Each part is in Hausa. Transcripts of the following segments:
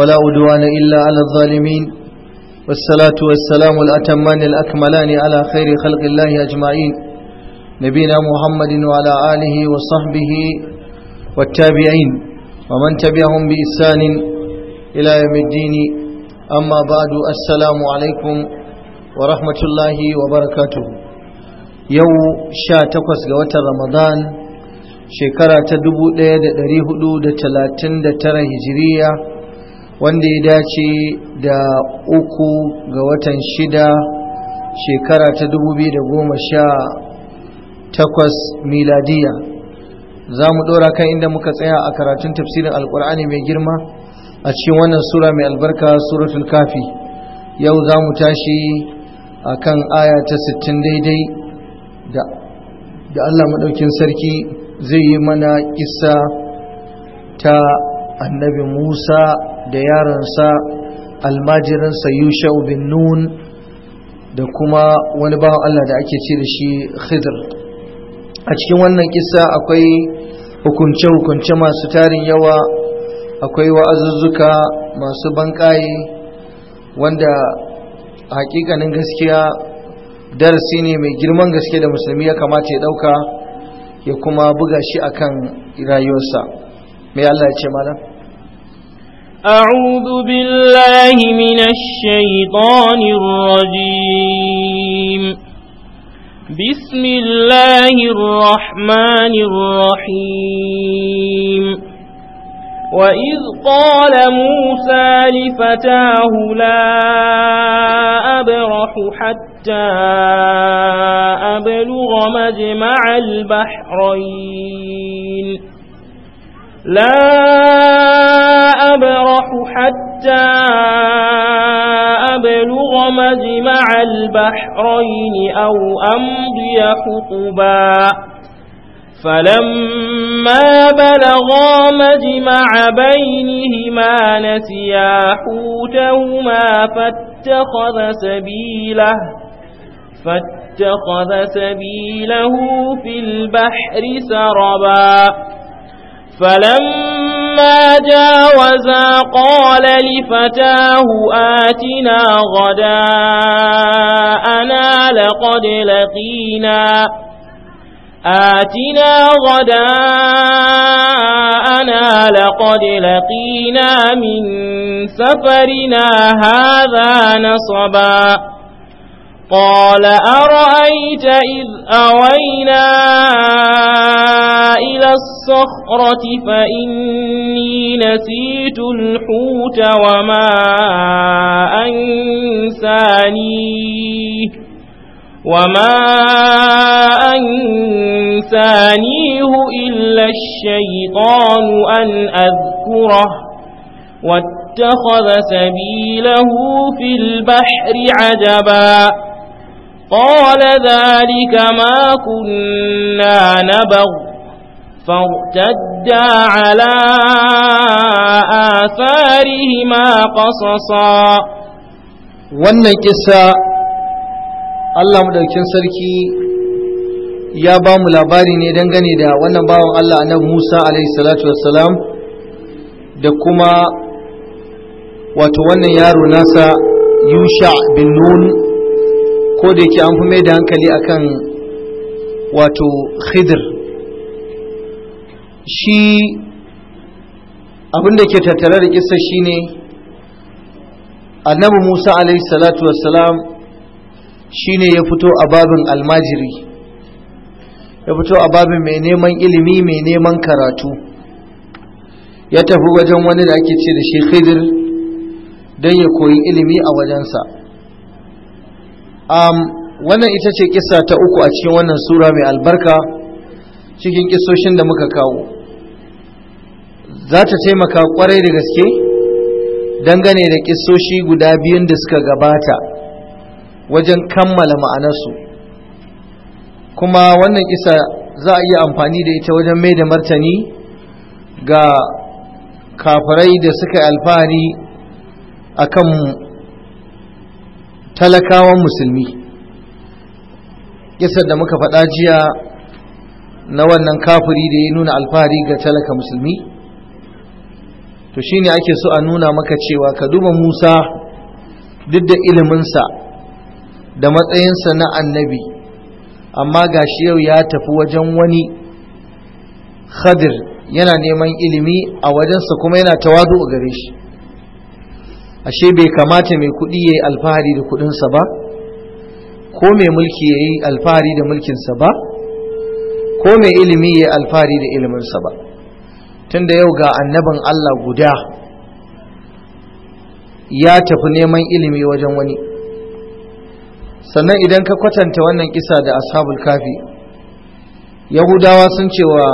ولا عدوان إلا على الظالمين والصلاة والسلام الأتمان الأكملان على خير خلق الله أجمعين نبينا محمد وعلى آله وصحبه والتابعين ومن تبعهم بإحسان إلى يوم الدين أما بعد السلام عليكم ورحمة الله وبركاته يو شا تقوس قوات رمضان شكرا تدبو ليد ريهدو دتلاتن دتر هجرية wanda ya dace da uku ga watan shida shekara ta dubu biyu da goma sha takwas miladiya za mu ɗora kan inda muka tsaya a karatun tafsirin alkur'ani mai girma a cikin wannan sura mai albarka suratul kafi yau za mu tashi a kan aya ta sittin daidai da allah maɗaukin sarki zai yi mana kisa ta annabi musa da yaransa sa yushau bin nun da kuma wani bawan Allah da ake ce da shi khidr a cikin wannan kisa akwai hukunce-hukunce masu tarin yawa akwai wa'azuzzuka masu banƙaye wanda hakikanin gaskiya darasi ne mai girman gaske da musulmi ya kamata ya ɗauka ya kuma buga shi akan rayuwarsa mai Allah ya ce malam أعوذ بالله من الشيطان الرجيم بسم الله الرحمن الرحيم وإذ قال موسى لفتاه لا أبرح حتى أبلغ مجمع البحرين لا أبرح حتى أبلغ مجمع البحرين أو أمضي حقبا فلما بلغا مجمع بينهما نسيا حوتهما فاتخذ سبيله فاتخذ سبيله في البحر سربا فلما جاوزا قال لفتاه آتنا غداءنا لقد لقينا آتنا غداءنا لقد لقينا من سفرنا هذا نصباً قال أرأيت إذ أوينا إلى الصخرة فإني نسيت الحوت وما أنسانيه وما أنسانيه إلا الشيطان أن أذكره واتخذ سبيله في البحر عجباً قال ذلك ما كنا نبغ فارتدا على آثارهما قصصا wannan kissa Allah madaukin sarki ya ba mu labari ne dangane da wannan bawan Allah annabi Musa alaihi salatu wassalam da kuma wato wannan yaro nasa Yusha bin Nun ko da yake an fi mai da hankali akan wato khidr shi abinda ke tattare da kisa shi ne. annabi musa alaihi salatu wassalam ne ya fito a babin almajiri ya fito a babin mai neman ilimi mai neman karatu ya tafi wajen wani da ake ce da shi khidr don ya koyi ilimi a wajensa wannan ita ce kisa ta uku a cikin wannan sura mai albarka cikin kisoshin da muka kawo za ta taimaka kwarai da gaske dangane da kisoshi guda biyun da suka gabata wajen kammala ma'anarsu kuma wannan kisa za a iya amfani da ita wajen mai da martani ga kafirai da suka alfahari akan talakawan musulmi kisar da muka faɗa jiya na wannan kafiri da ya nuna alfahari ga talaka musulmi to shine ake so a nuna maka cewa ka duba musa duk da iliminsa da matsayinsa na annabi amma ga shi yau ya tafi wajen wani khadir yana neman ilimi a wajensa kuma yana tawadu a gare shi ashe bai kamata mai kuɗi ya yi alfahari da kuɗinsa ba ko mai mulki ya yi alfahari da mulkinsa ba ko mai ilimi ya yi alfahari da iliminsa ba tunda yau ga annabin Allah guda ya tafi neman ilimi wajen wani sannan idan ka kwatanta wannan kisa da ashabul kafi yahudawa sun ce wa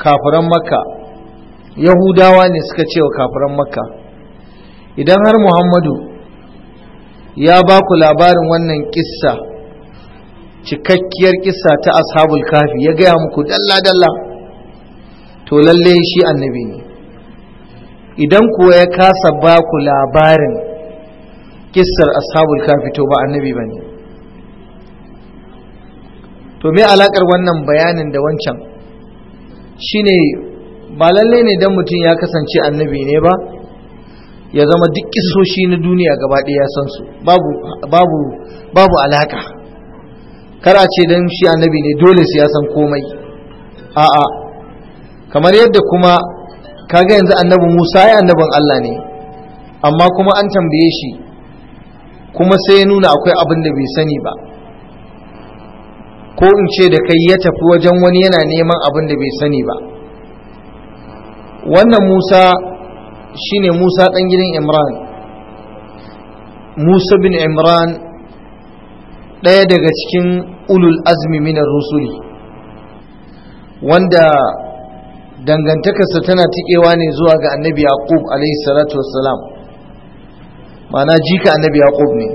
kafiran makka yahudawa ne suka ce wa kafiran makka idan har muhammadu ya ba ku labarin wannan kissa cikakkiyar kissa ta ashabul kafi ya gaya muku dalla-dalla to lalle shi annabi ne idan kuwa ya kasa ba ku labarin kissar ashabul kafi to ba annabi ba ne to me alakar wannan bayanin da wancan shine ba lalle ne dan mutum ya kasance annabi ne ba ya zama duk kisoshi na duniya gaba ɗaya ya san su babu babu babu alaka kara ce dan shi annabi ne dole sai ya san komai a'a kamar yadda kuma kaga yanzu annabi Musa ya annabin Allah ne amma kuma an tambaye shi kuma sai ya nuna akwai abin da bai sani ba ko in ce da kai ya tafi wajen wani yana neman abin da bai sani ba wannan musa shine musa ɗan gidan imran musa bin imran ɗaya daga cikin ulul azmi minar rusuli wanda dangantakarsa tana tikewa ne zuwa ga annabi yaqub alaihi salatu wassalam ma'ana jika annabi yaqub ne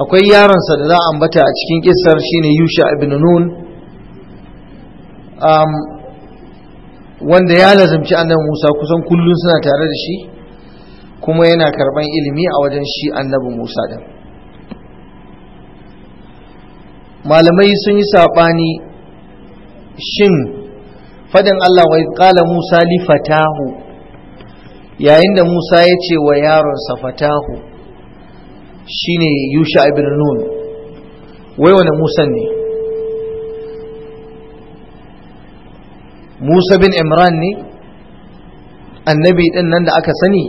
akwai yaronsa da za a ambata a cikin kissar shine yusha ibn nun um, wanda ya lazumci annabi Musa kusan kullum suna tare da shi kuma yana karban ilimi a wajen shi annabi Musa din malamai sun yi saɓani shin fadin Allah wai kala Musa li fatahu yayin da Musa ya ce wa yaronsa fatahu shine Yusha ibn Nun wai wani Musan ne musa bin imran ne annabi din nan da aka sani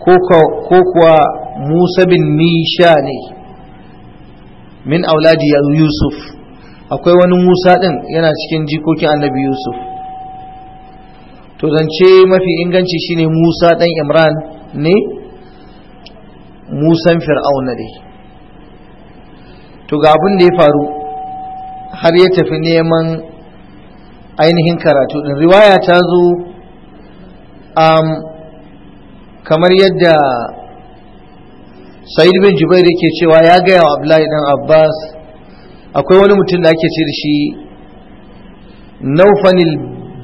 ko kuwa musa bin misha ne min auladi yusuf akwai wani musa din yana cikin jikokin annabi yusuf to zance mafi inganci shine musa dan imran ne musan fir'auna ne to ga abin da ya faru har ya tafi neman ainihin karatu ɗin riwaya ta zo um, kamar yadda sa'id bin jubair yake cewa ya gaya wa abdullahi dan abbas akwai wani mutum da ake ce da shi naufanil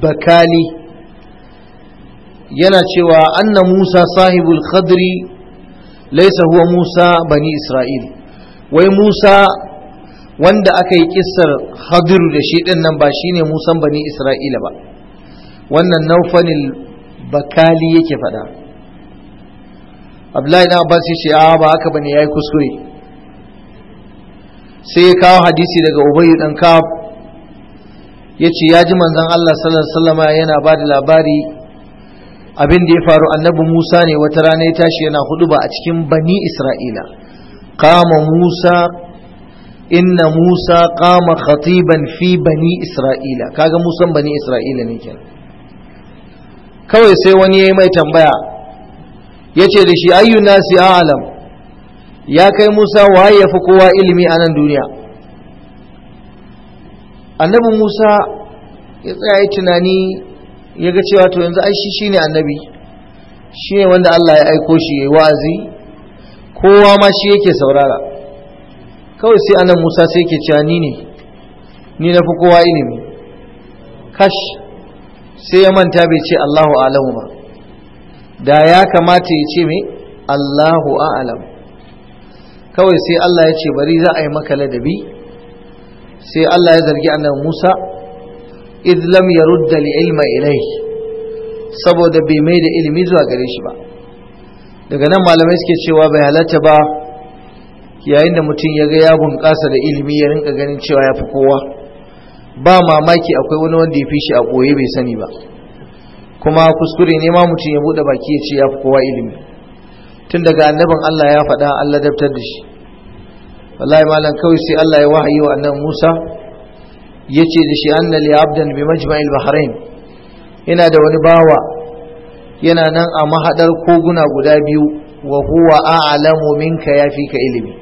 bakali yana cewa anna musa sahibul khadri laisa huwa musa bani isra'il wai musa wanda aka yi kissar hadir da shi din nan ba shine musan bani isra'ila ba wannan naufanil bakali yake faɗa abdullahi dan abbas ya ce a ba haka bane yi kuskure sai ya kawo hadisi daga ubayy dan kaf ya ce ya ji manzan Allah sallallahu alaihi yana ba da labari abin da ya faru annabi Musa ne wata rana ya tashi yana ba a cikin bani Isra'ila kama Musa inna Musa kama khatiban fi bani Isra'ila kaga Musan bani Isra'ila ne kenan kawai sai wani yi mai tambaya yace da shi ayyu nasi a'lam ya kai Musa waye fi kowa ilimi a nan duniya annabi Musa ya tsaya ya tunani ya ga cewa to yanzu ai shi shine annabi shine wanda Allah ya aiko shi yayi wa'azi kowa ma shi yake saurara kawai sai anan musa sai ke cewa ni ne ni na fi kowa ilimi kash sai ya manta bai ce allahu alamu ba da ya kamata ya ce mai allahu alam kawai sai allah ya ce bari za a yi maka ladabi sai allah ya zargi annan musa idh lam rudda ilma ilai, saboda bai mai da ilimi zuwa gare shi ba daga nan malamai suke cewa bai halatta ba yayin da mutum ya ga ya bunƙasa da ilimi ya rinka ganin cewa ya fi kowa ba mamaki akwai wani wanda ya fi shi a ɓoye bai sani ba kuma kuskure ne ma mutum ya buɗe baki ya ce ya fi kowa ilimi tun daga annabin Allah ya faɗa Allah dabtar da shi wallahi malam kawai sai Allah ya wahayi wa annabi Musa ya ce da shi anna li abdan bi majma'il bahrain ina da wani bawa yana nan a mahadar koguna guda biyu wa huwa a'lamu minka yafi ka ilimi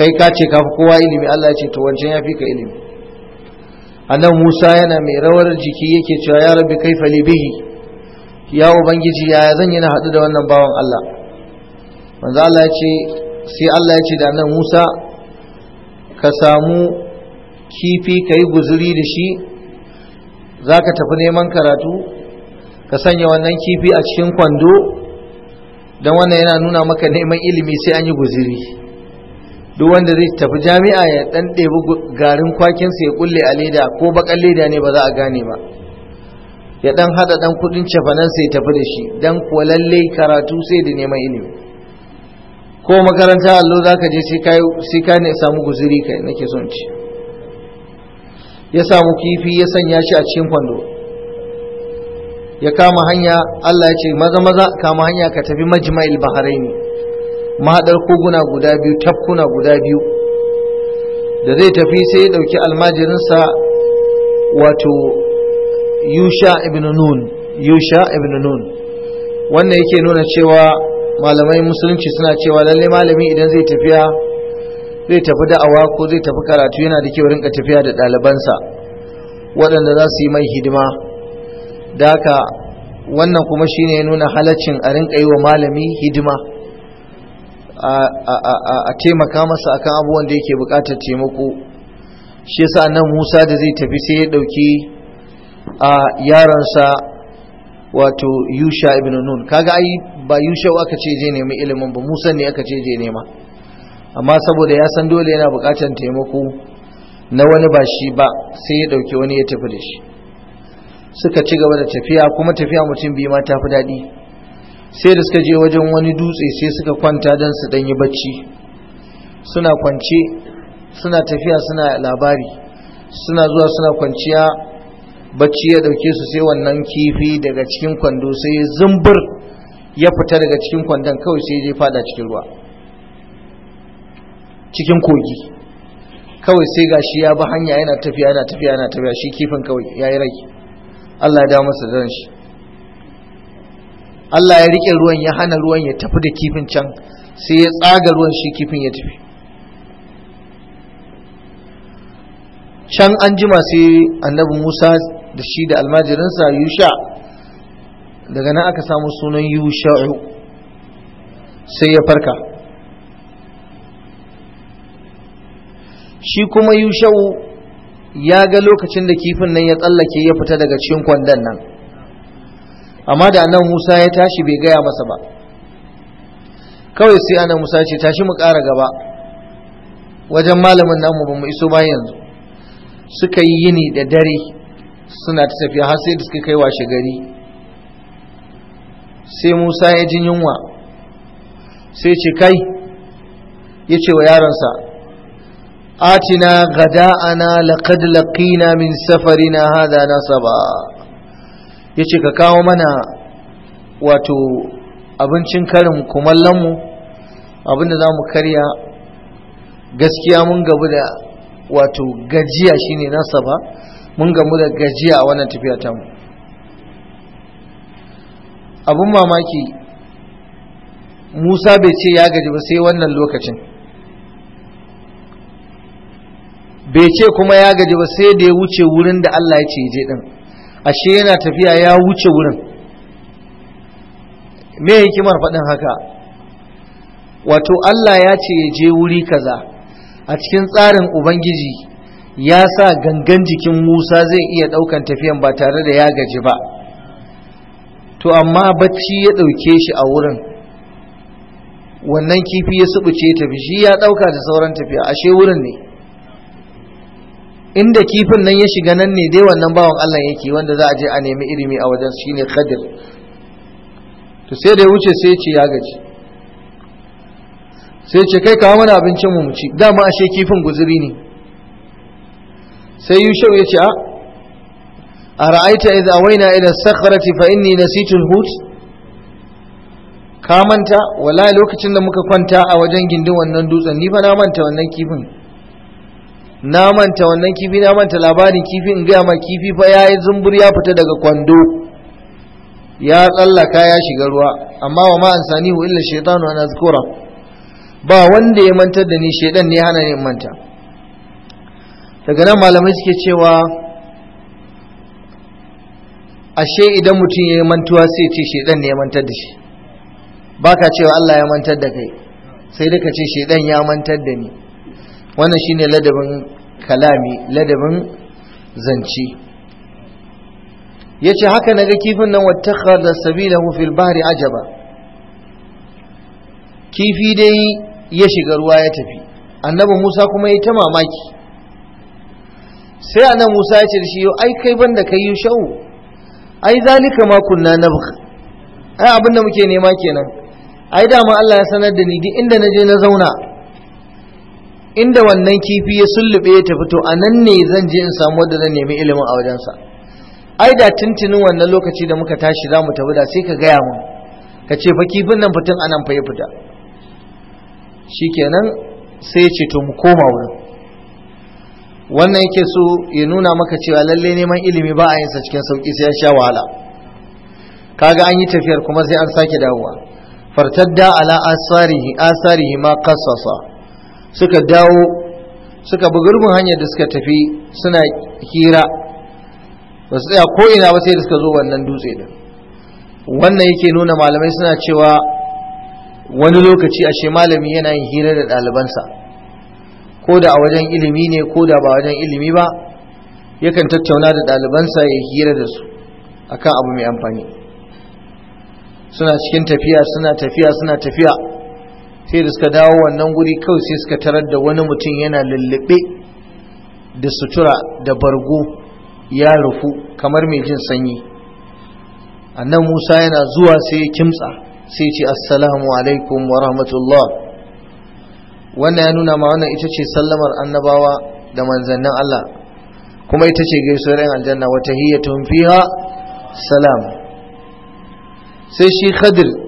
kai ka ce kafi kowa ilimi Allah ya ce to wancan ya fi ka ilimi annan Musa yana mai rawar jiki yake cewa ya rabbi kai fali bihi ya ubangiji yaya zan yi na haɗu da wannan bawan Allah manzo Allah ya ce sai Allah ya ce da annan Musa ka samu kifi ka yi guzuri da shi zaka tafi neman karatu ka sanya wannan kifi a cikin kwando dan wannan yana nuna maka neman ilimi sai an yi guziri duk wanda zai tafi jami'a ya dan ɗebi garin kwakinsa ya kulle a leda ko bakan leda ne ba za a gane ba ya dan hada dan kudin cefanansa ya tafi da shi dan kuwa lallai karatu sai da neman ilimi ko makaranta allo za ka je sai ka ne samu guziri kai nake son ci ya samu kifi ya sanya shi a cikin kwando ya kama hanya Allah ya ce maza maza kama hanya ka tafi majma'il bahraini mahaɗar koguna guda biyu tafkuna guda biyu da zai tafi sai ya ɗauki almajirinsa wato yusha ibn nun yusha ibn nun wannan yake nuna cewa malamai musulunci suna cewa lalle malami idan zai tafiya zai tafi da'awa ko zai tafi karatu yana da kyau rinka tafiya da ɗalibansa waɗanda za su yi mai hidima da haka wannan kuma shine ya nuna halaccin a rinka yi wa malami hidima a taimaka masa akan abubuwan da yake bukatar taimako shi yasa nan Musa da zai tafi sai ya dauki a yaransa wato Yusha ibn Nun kaga ai ba Yusha aka ce je nemi ilimin ba Musa ne aka ce je nema amma saboda ya san dole yana bukatar taimako na wani ba shi ba sai ya dauki wani ya tafi da shi suka ci gaba da tafiya kuma tafiya mutum biyu ma ta fi daɗi sai da suka je wajen wani dutse sai suka kwanta don su ɗanyi bacci suna kwance suna tafiya suna labari suna zuwa suna kwanciya bacci ya ɗauke su sai wannan kifi daga cikin kwando sai ya zumbur ya fita daga cikin kwandon kawai sai ya fada cikin ruwa cikin kogi kawai sai gashi ya bi hanya yana tafiya yana tafiya yana tafiya shi kifin kawai ya yi rai Allah ya dawo masa da shi Allah ya rike ruwan ya hana ruwan ya tafi da kifin can sai ya tsaga ruwan shi kifin ya tafi can an jima sai annabi Musa da shi da almajirinsa Yusha daga nan aka samu sunan Yusha'u sai ya farka shi kuma Yusha'u ya ga lokacin da kifin nan ya tsallake ya fita daga cikin kwandon nan amma da annan musa ya tashi bai gaya masa ba kawai sai annan musa ya ce tashi mu ƙara gaba wajen malamin namu ba mu iso ba yanzu suka yi yini da dare suna ta tafiya har sai da suka kai washe gari sai musa ya ji yunwa sai ce kai ya ce wa yaronsa atina gada'ana laqad laqina min safarina hadha nasaba ya ce ka kawo mana wato abincin karin kumallonmu abinda za mu karya gaskiya mun gabu da wato gajiya shine nasa ba mun gamu da gajiya a wannan tafiya ta mu abin mamaki musa bai ce ya gaji ba sai wannan lokacin bai ce kuma ya gaji ba sai da ya wuce wurin da allah ya ce je din ashe yana tafiya ya wuce wurin me hikimar faɗin haka wato Allah ya ce ya je wuri kaza a cikin tsarin ubangiji ya sa gangan jikin musa zai iya ɗaukan tafiyan ba tare da ya gaji ba to amma bacci ya ɗauke shi a wurin wannan kifi ya subuce tafi shi ya ɗauka da sauran tafiya ashe wurin ne inda kifin nan ya shiga nan ne dai wannan bawan Allah yake wanda za a je a nemi ilimi a wajen shine Khadir to sai da wuce sai ce ya gaji sai ce kai kawo mana abincin mu ci dama ashe kifin guzuri ne sai Yushau ya ce a ara'aita idza awaina ila sakhrati fa inni nasitu al-hut ka manta wala lokacin da muka kwanta a wajen gindin wannan dutsen ni fa na manta wannan kifin na manta wannan kifi na manta labarin kifi in gaya ma kifi fa ya yi zumbur ya fita daga kwando ya tsallaka ya shiga ruwa amma wa ma'an hu, illa shaitanu ana zikura ba wanda ya mantar da ni shaidan ne hana ne manta daga nan malamai suke cewa ashe idan mutum ya yi mantuwa sai ce shaidan ne ya mantar da shi ba ka cewa Allah ya mantar da kai sai dai ka ce shaidan ya mantar da ni wannan shine ladabin kalami ladabin zance yace haka naga kifin nan wattakhadha sabilahu fil bahri ajaba kifi dai ya shiga ruwa ya tafi annabi Musa kuma ya ta mamaki sai annabi Musa ya ce da shi ai kai banda kai yi shau ai zalika ma kunna nabkh ai abinda muke nema kenan ai dama Allah ya sanar da ni duk inda na je na zauna inda wannan kifi ya sullube ya tafi to anan ne zan je in samu wadda zan nemi ilimin a wajensa ai da tuntunin wannan lokaci da muka tashi za mu tafi da sai ka gaya mun ka ce fa kifin nan fitin anan fa ya fita shikenan sai ya ce to mu koma wurin wannan yake so ya nuna maka cewa lalle neman ilimi ba a yin sa cikin sauki sai ya sha wahala kaga an yi tafiyar kuma sai an sake dawowa fartadda ala asarihi asarihi ma qassasa suka dawo suka bi gurbin hanyar da suka tafi suna hira ba su tsaya ko ba sai da suka zo wannan dutse din wannan yake nuna malamai suna cewa wani lokaci ashe malami yana yin hira da ɗalibansa ko da a wajen ilimi ne ko da ba wajen ilimi ba yakan tattauna da ɗalibansa ya hira da su akan abu mai amfani suna cikin tafiya suna tafiya suna tafiya sai da suka dawo wannan guri kawai sai suka tarar da wani mutum yana lullube da sutura da bargo ya rufu kamar mai jin sanyi annan musa yana zuwa sai ya kimtsa sai ce assalamu alaikum wa rahmatullah wannan ya nuna ma wannan ita ce sallamar annabawa da manzannin allah kuma ita ce gaisuwar yan aljanna wata hiyyatun fiha salam sai shi khadir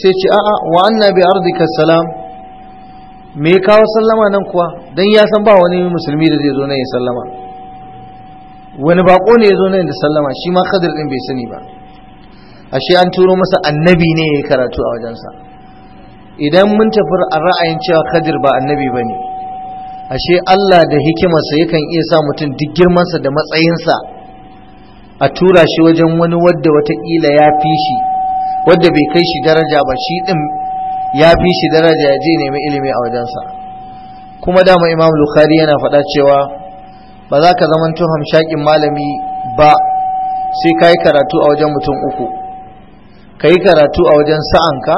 sai ce a'a wa anna bi ardika salam me ya kawo sallama nan kuwa dan ya san ba wani musulmi da zai zo nan ya sallama wani bako ne ya zo nan da sallama shi ma kadir din bai sani ba ashe an turo masa annabi ne ya karatu a wajensa idan mun tafi a ra'ayin cewa kadir ba annabi ba ne ashe Allah da hikimarsa yakan iya sa mutum duk girmansa da matsayinsa a tura shi wajen wani wadda watakila ya fishi. wanda bai kai shi daraja ba shi ɗin ya fi shi daraja ya je nemi ilimi a wajensa kuma dama imam bukhari yana faɗa cewa ba za ka zama tun hamshakin malami ba sai ka yi karatu a wajen mutum uku ka yi karatu a wajen sa'anka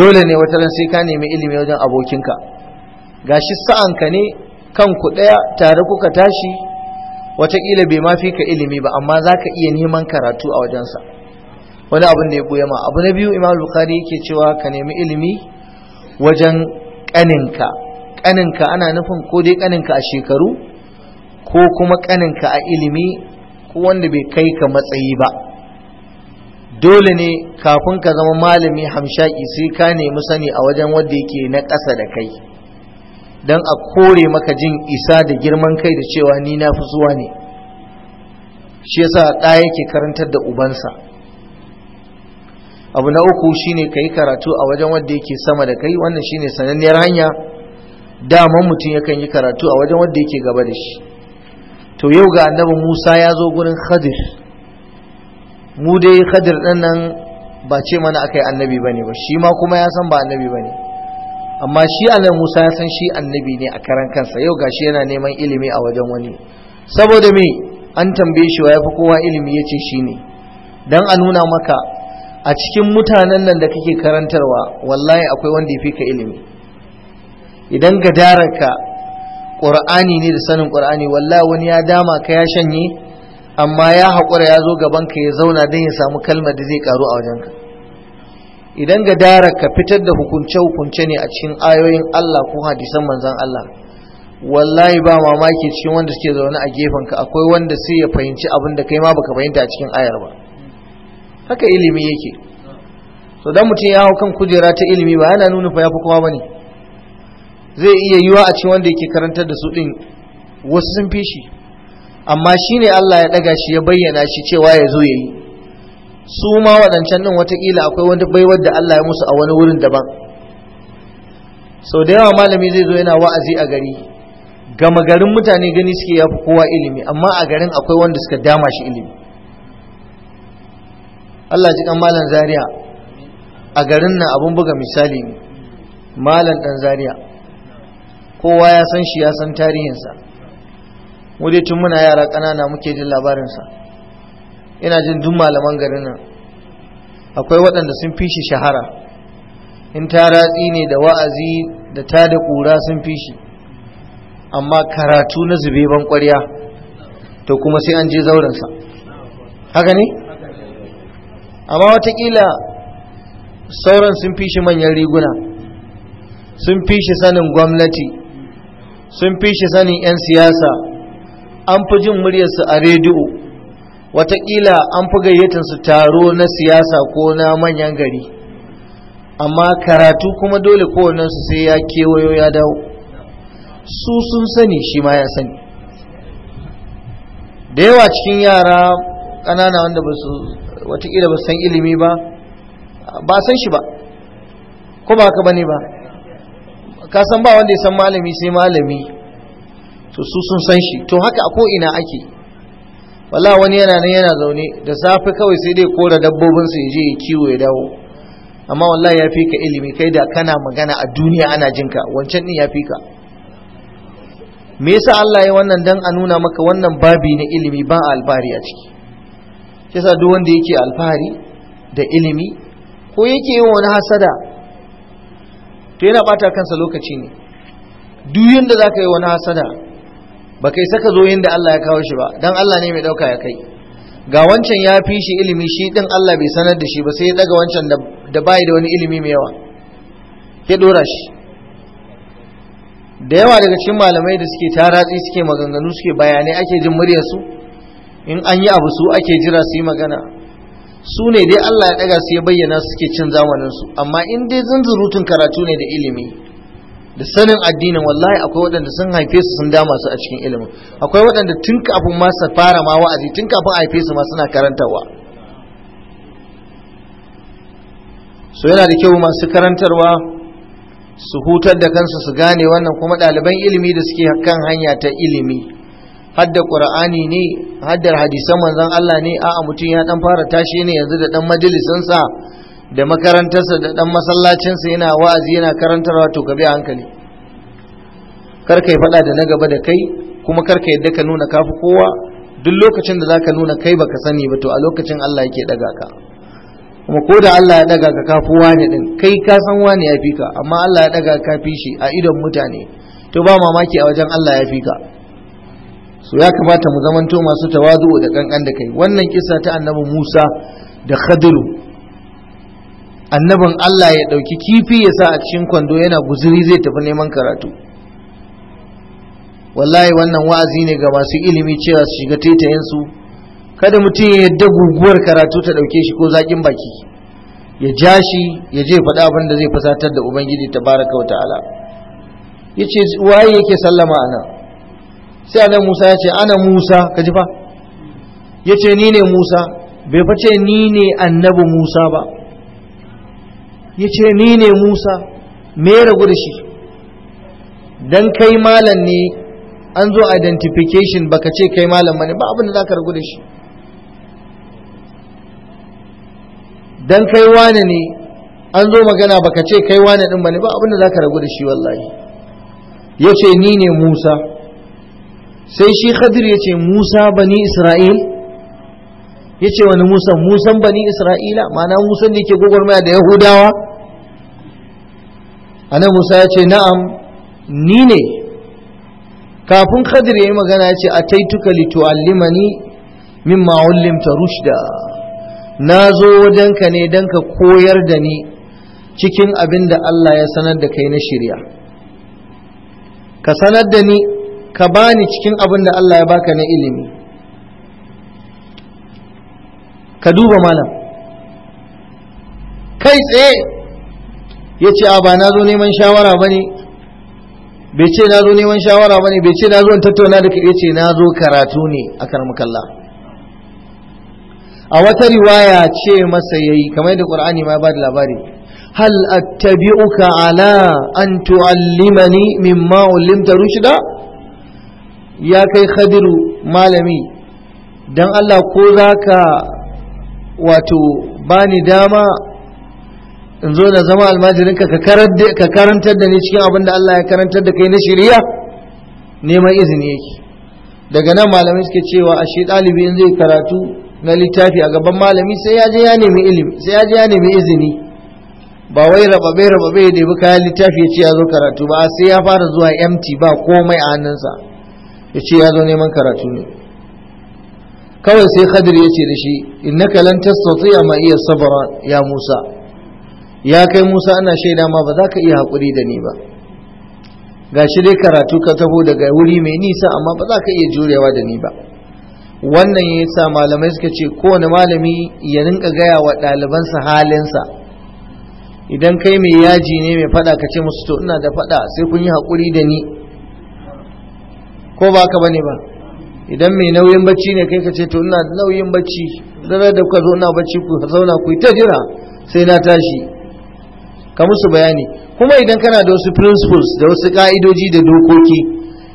dole ne wata sai ka nemi ilimi wajen abokinka gashi sa'anka ne kanku ɗaya tare kuka tashi wataƙila bai ma fi ka ilimi ba amma za ka iya neman karatu a wajensa wani abin da ya goya ma abu na biyu imam bukari yake cewa ka nemi ilimi wajen kaninka kaninka ana nufin ko dai kaninka a shekaru ko kuma kaninka a ilimi ko wanda bai kai ka matsayi ba dole ne kafin ka zama malami hamshaki sai ka nemi sani a wajen wanda yake na kasa da kai don a kore maka jin isa da girman kai da cewa ni na fi zuwa ne shi yasa ɗaya yake karantar da ubansa abu na uku shine ka yi karatu a wajen wanda yake sama da kai wannan shine sananniyar hanya daman mutum yakan yi karatu a wajen wanda yake gaba da shi to yau ga annabi musa ya zo gurin khadir mu dai khadir ɗin nan ba ce mana aka yi annabi ba ne ba shi ma kuma ya san ba annabi ba ne amma shi annabi musa ya san shi annabi ne a karan kansa yau ga shi yana neman ilimi a wajen wani saboda me an tambaye shi wa ya fi kowa ilimi ya ce shi ne don a nuna maka a cikin mutanen nan da kake karantarwa wallahi akwai wanda ya fi ka ilimi idan gadararka ƙur'ani ne da sanin ƙur'ani wallahi wani ya dama ka ya shanye amma ya haƙura ya zo gaban ka, ya zauna don ya samu kalmar da zai ƙaru a wajenka idan ka fitar da hukunce-hukunce ne a cikin ayoyin Allah ko hadisan manzan Allah wallahi ba mamaki cikin wanda suke zaune a ka, akwai wanda sai ya fahimci abin da kai ma baka fahimta a cikin ayar ba haka ilimi yake so dan mutum ya hau kan kujera ta ilimi ba yana nuna fa ya kowa bane zai iya yiwa a ce wanda yake karantar da su din wasu sun fi shi amma shine Allah ya daga shi ya bayyana shi cewa ya zo yayi su ma waɗancan din watakila akwai wani baiwar da Allah ya musu a wani wurin daban sau da yawa malami zai zo yana wa'azi a gari gama garin mutane gani suke yafi kowa ilimi amma a garin akwai wanda suka dama shi ilimi Allah ji kan malam zaria a garin nan abun buga misali ne malam dan zaria kowa ya san shi ya san tarihinsa mu dai tun muna yara ƙanana muke jin labarinsa ina jin duk malaman garin nan akwai waɗanda sun fi shi shahara in ta ratsi ne da wa'azi da ta da ƙura sun fi shi amma karatu na zube ban ƙwarya to kuma sai an je zaurensa haka ne amma watakila sauran sun fi shi manyan riguna sun fi shi sanin gwamnati sun fi shi sanin 'yan siyasa an fi jin muryarsu a rediyo watakila an fi su taro na siyasa ko na manyan gari amma karatu kuma dole kowannensu sai ya kewayo ya dawo su sun sani shi ma ya sani da yawa cikin yara ƙanana wanda ba su watakila ba san ilimi ba ba san shi ba ko ba haka bane ba ka san ba wanda ya san malami sai malami to su sun san shi to haka a ko ina ake wala wani yana nan yana zaune da safe kawai sai dai kora dabbobinsa ya je ya kiwo ya dawo amma wallahi ya fi ilimi kai da kana magana a duniya ana jinka wancan din ya fi ka me yasa Allah ya wannan dan a nuna maka wannan babi na ilimi ba alfahari a ciki kisa duk wanda yake alfahari da ilimi ko yake yi wani hasada to yana bata kansa lokaci ne duk yadda za ka yi wani hasada ba kai saka zo yadda Allah ya kawo shi ba don Allah ne mai ɗauka ya kai ga wancan ya fi shi ilimi shi ɗin Allah bai sanar da shi ba sai ya daga wancan da bai da wani ilimi mai yawa ya dora shi da yawa daga cikin malamai da suke taratsi suke maganganu suke bayanai ake jin muryarsu in an yi abu su ake jira su yi magana su ne dai Allah ya ɗaga su ya bayyana suke cin zamaninsu, amma in dai zunzurutun karatu ne da ilimi da sanin addinin wallahi akwai waɗanda sun haife su sun dama su a cikin ilimin akwai waɗanda tun kafin ma fara ma wa'azi tun kafin haife su ma suna karantarwa so yana da kyau masu karantarwa su hutar da kansu su gane wannan kuma ɗaliban ilimi da suke kan hanya ta ilimi haddar qur'ani ne haddar hadisan manzon Allah ne a'a mutum ya dan fara tashi ne yanzu da dan majalisansa da makarantarsa da dan masallacinsa yana wa'azi yana karantarwa to ka bi hankali kar kai faɗa da na gaba da kai kuma kar ka yadda ka nuna kafi kowa duk lokacin da zaka nuna kai baka sani ba to a lokacin Allah yake daga ka kuma ko da Allah ya daga ka kafi wani din kai ka san wani ya fi ka amma Allah ya daga ka fi shi a idon mutane to ba mamaki a wajen Allah ya fi ka so ya kamata mu zamanto masu tawazu da kankan da kai wannan kisa ta annabi Musa da Khadiru annabin Allah ya dauki kifi ya sa a cikin kwando yana guzuri zai tafi neman karatu wallahi wannan wa'azi ne ga masu ilimi cewa su shiga taitayen su kada mutum ya yadda guguwar karatu ta dauke shi ko zakin baki ya ja shi ya je faɗa abin da zai fasatar da ubangiji tabaraka wa ta'ala yace waye yake sallama anan sai annabi Musa ya ce ana Musa ka ji fa ya ce ni ne Musa bai face ni ne annabi Musa ba ya ce ni ne Musa me ya ragu da shi dan kai malam ne an zo identification baka ce kai malam bane ba abin da zaka ragu da shi dan kai wane ne an zo magana baka ce kai wane din bane ba abin da zaka ragu da shi wallahi yace ni ne Musa sai shi khadir ya ce musa bani isra'il ya ce wani musa musan bani isra'ila ma'ana musan da ke gwagwarmaya da yahudawa anan musa ya ce na'am ni ne kafin khadir ya yi magana ya ce a taituka Min ma'ullim ta rushda na zo wajenka ne don ka koyar da ni cikin abin da Allah ya sanar da kai na shirya ka sanar da ni ka bani cikin abin da Allah ya baka na ilimi ka duba malam kai tsaye ya ce a ba na zo neman shawara ba ne bai ce na zo neman shawara ba ne bai ce na zo tattauna da ka ce na zo karatu ne a karmakalla a wata riwaya ce masa yayi kamar yadda qur'ani ma ya da labari hal attabi'uka ala an tu'allimani mimma ullimta rushda ya kai khadiru malami don Allah ko za ka wato bani dama in zo na zama almajirin ka karantar da ni cikin abin da Allah ya karantar da kai na shirya neman izini yake daga nan malamai suke cewa a shi ɗalibi in zai karatu na littafi a gaban malami sai ya je ya nemi ilimi sai ya je ya nemi izini ba wai rababe rababe da bi kayan littafi ya ce ya zo karatu ba sai ya fara zuwa MT ba komai a hannunsa ya ce ya zo neman karatu ne kawai sai khadir ya ce da shi ka lan tastati'a ma iya sabara ya musa ya kai musa ana shaida ma ba za ka iya haƙuri da ni ba ga shi dai karatu ka taho daga wuri mai nisa amma ba za ka iya jurewa da ni ba wannan ya sa malamai suka ce kowane malami ya rinka gaya wa ɗalibansa halinsa idan kai mai yaji ne mai faɗa ka ce musu to ina da faɗa, sai kun yi haƙuri da ni ko ba ka bane ba idan mai nauyin bacci ne kai ka ce to ina nauyin bacci zara da kuka zo na bacci ku zauna ku ta jira sai na tashi ka musu bayani kuma idan kana da wasu principles da wasu ka'idoji da dokoki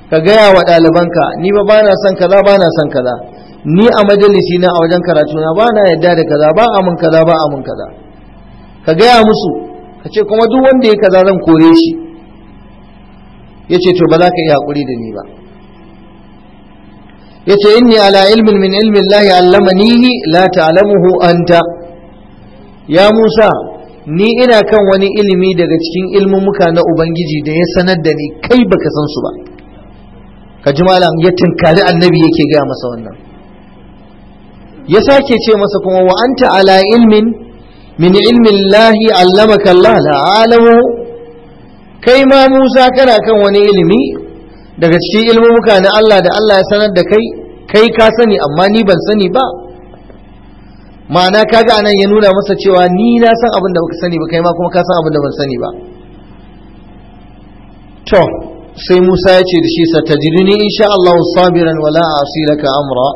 ka gaya wa ɗalibanka ni ba bana son kaza bana son kaza ni a majalisi na a wajen karatu na bana yadda da kaza ba a mun kaza ba a kaza ka gaya musu ka ce kuma duk wanda ya kaza zan kore shi ya ce to ba za ka iya haƙuri da ni ba yace inni ala ilmin min ilmin lahi allamanihi la ta'lamuhu anta ya Musa ni ina kan wani ilimi daga cikin ilmumuka na ubangiji da ya sanar da ni kai baka san su ba ka ji malam ya tunkari annabi yake gaya masa wannan ya sake ce masa kuma wa anta ala ilmin min ilmin lahi allamaka Allah ala alamu kai ma Musa kana kan wani ilimi daga cikin ilmumuka na Allah da Allah ya sanar da kai kai ka sani amma ni ban sani ba ma'ana kaga anan ya nuna masa cewa ni na san abin da baka sani ba kai ma kuma ka san abin da ban sani ba to sai Musa ya ce da shi satajiduni insha Allah sabiran wala asilaka amra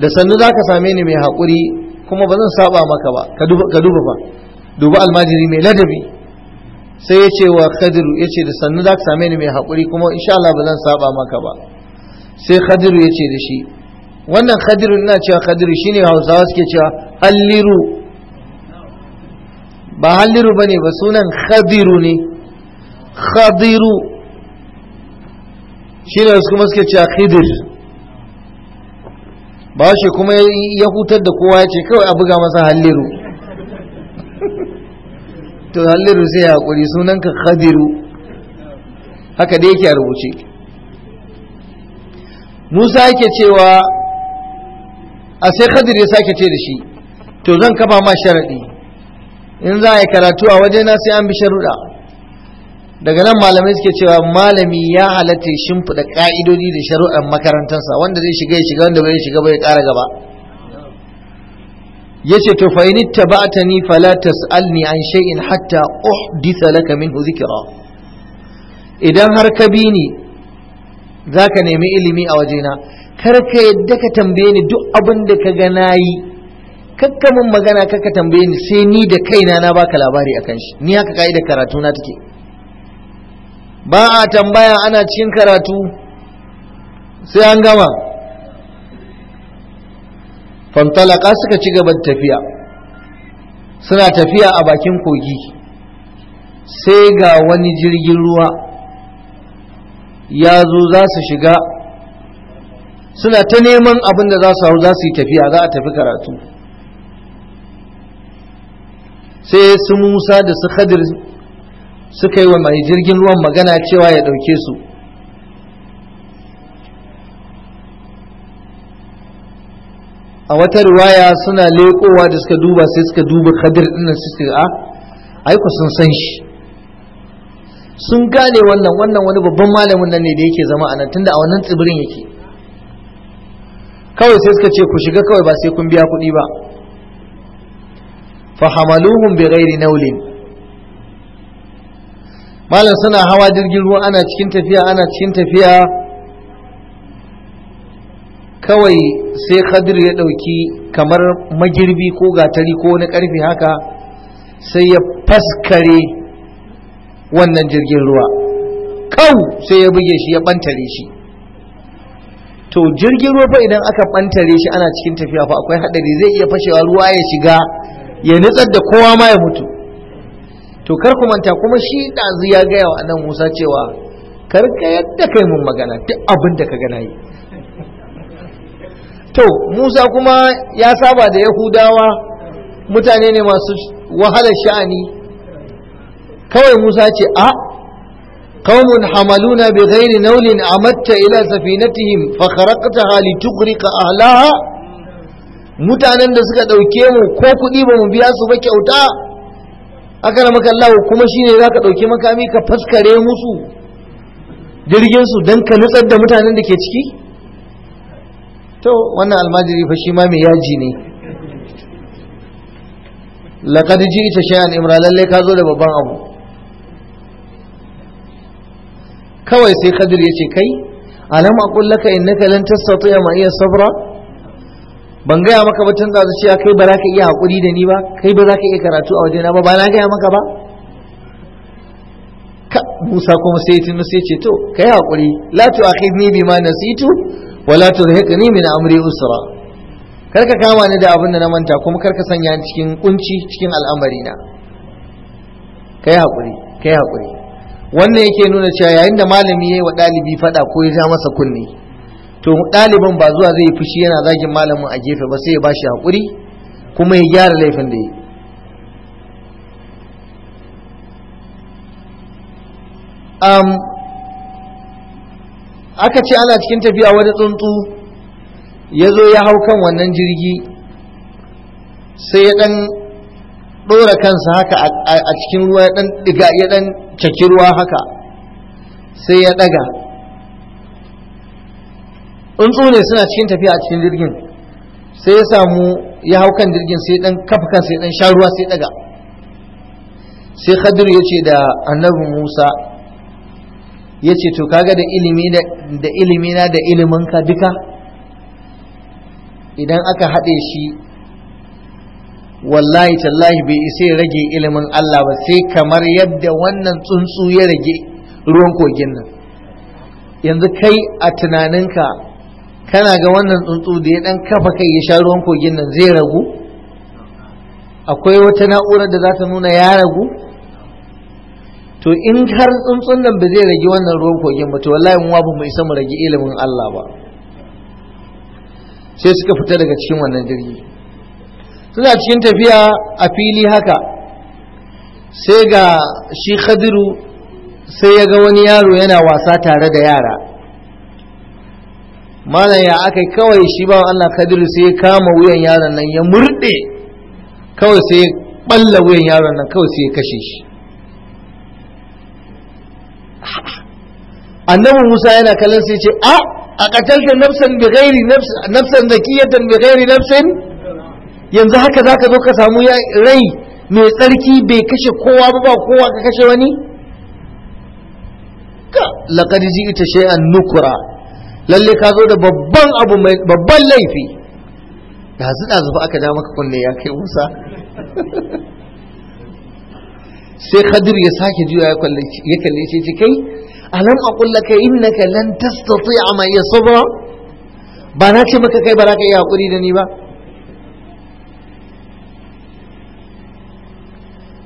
da sannu zaka same ni mai hakuri kuma ba zan saba maka ba ka duba ka duba ba duba almajiri mai ladabi sai ya ce wa khadiru ya ce da sannu za ka same ni mai haƙuri kuma insha Allah ba zan saba maka ba sai khadiru ya ce da shi wannan khadiru ina cewa khadiru shine hausawa suke cewa halliru ba halliru bane ba sunan khadiru ne khadiru shine wasu kuma suke cewa khidir ba shi kuma ya hutar da kowa ya ce kawai a buga masa halliru to halliru sai hakuri sunanka khadiru haka da yake a rubuce musa yake cewa a sai khadir ya sake ce da shi to zan kafa ma sharaɗi in za a yi karatu a waje na sai an bi sharuɗa daga nan malamai suke cewa malami ya halatta shimfiɗa ƙa'idodi da sharuɗan makarantarsa wanda zai shiga ya shiga wanda bai shiga bai ƙara gaba yace to fa ini taba'tani fala tas'alni an shay'in hatta uhditha laka minhu dhikra idan har ka bi ni zaka nemi ilimi a wajena kar ka yadda ka tambaye ni duk abin da ka ga nayi kakka mun magana kakka tambaye ni sai ni da kaina na baka labari akan shi ni haka kaida karatu na take ba a tambaya ana cikin karatu sai an gama fantalaka suka ci gaban tafiya suna tafiya a bakin kogi sai ga wani jirgin ruwa ya zo za su shiga suna ta neman abin da za su hau za su yi tafiya za a tafi karatu sai su musa da su khadir suka yi wa mai jirgin ruwan magana cewa ya ɗauke su a wata riwaya suna leƙowa da suka duba sai suka duba kadir ɗinnan su suka a ah, ku sun san shi sun gane wannan wannan wani babban malamin nan ne da yake zama a nan tunda a wannan tsibirin yake kawai sai suka ce ku shiga kawai ba sai kun biya kuɗi ba hamaluhum bi ghairi nawlin malam suna hawa jirgin ruwa ana cikin tafiya ana cikin tafiya kawai sai khadir ya ɗauki kamar magirbi ko gatari ko wani ƙarfe haka sai ya faskare wannan jirgin ruwa kau sai ya buge shi ya ɓantare shi to jirgin ruwa fa idan aka ɓantare shi ana cikin tafiya fa akwai haɗari zai iya fashewa ruwa ya shiga ya nutsar da kowa ma ya mutu to kar ku manta kuma shi ɗazu ya gaya wa annan musa cewa kar ka yadda kai mun magana duk abin da ka gana yi to musa kuma ya saba da yahudawa mutane ne masu wahalar sha'ani kawai musa ce a bai حملون naulin نول عمدت إلى سفينتهم فخرقتها لتغرق أهلها mutanen da suka ɗauke mu ko kuɗi ba mu biya su ba kyauta aka na makallawa kuma kuma ne za ka ɗauki makami ka faskare musu jirgin su don ka nutsar da mutanen da ke ciki to wannan almajiri fa shi ma mai yaji ne laqad ji'ta shay'an imra lalle ka zo da babban abu kawai sai kadir ya ce kai alam aqul laka innaka lan tastati'a ma iya sabra ban gaya maka ba tun da cewa kai ba za ka iya haƙuri da ni ba kai ba za ka iya karatu a wajena ba ba na gaya maka ba ka musa kuma sai tunu sai ce to kai haƙuri la akhidni bima nasitu wala turhiqni min amri usra kar kama ni da abin da na manta kuma karka sanya ni cikin kunci cikin al'amari na kai hakuri kai hakuri wannan yake nuna cewa yayin da malami yayi wa dalibi fada ko ya ja masa kunni to ɗaliban ba zuwa zai fushi yana zagin malamin a gefe ba sai ya bashi hakuri kuma ya gyara laifin da yi aka ce ana cikin tafiya wani tsuntsu ya zo ya hau kan wannan jirgi sai ya ɗan ɗora kansa haka a cikin ruwa ya ɗan ɗiga ya ɗan caki ruwa haka sai ya ɗaga tsuntsu ne suna cikin tafiya a cikin jirgin sai ya samu ya hau kan jirgin sai ɗan kafa kansa ya ɗan sha ruwa sai ɗaga sai khadir ya ce da annabi musa ya ce to kaga da ilimi da ilimi na da ilimin ka duka idan aka haɗe shi wallahi tallahi bai isa ya rage ilimin Allah ba sai kamar yadda wannan tsuntsu ya rage ruwan kogin nan yanzu kai a tunaninka kana ga wannan tsuntsu da ya ɗan kafa kai ya sha ruwan kogin nan zai ragu akwai wata na'urar da za ta nuna ya ragu to in har tsuntsun nan ba zai rage wannan ruwan kogin ba to wallahi mu ba mu isa mu rage ilimin Allah ba sai suka fita daga cikin wannan jirgi suna cikin tafiya a fili haka sai ga shi khadiru sai ya ga wani yaro yana wasa tare da yara malam ya akai kawai shi ba Allah khadiru sai ya kama wuyan yaron nan ya murde, kawai sai ya balla wuyan yaron nan kawai sai ya kashe shi annabi Musa yana kallon sai ce a a qatalta nafsan bi ghairi nafsan zakiyatan bi ghairi nafsin yanzu haka zaka zo ka samu rai mai tsarki bai kashe kowa ba ba kowa ka kashe wani ka laqad ji'ta shay'an nukra lalle ka zo da babban abu mai babban laifi da zuɗa zuba aka ja maka kunne ya kai Musa sai khadir ya sake juya ya kalle shi ce kai alam in na innaka lan tastati'a ma ya ba na ce maka kai ba za ka iya hakuri da ni ba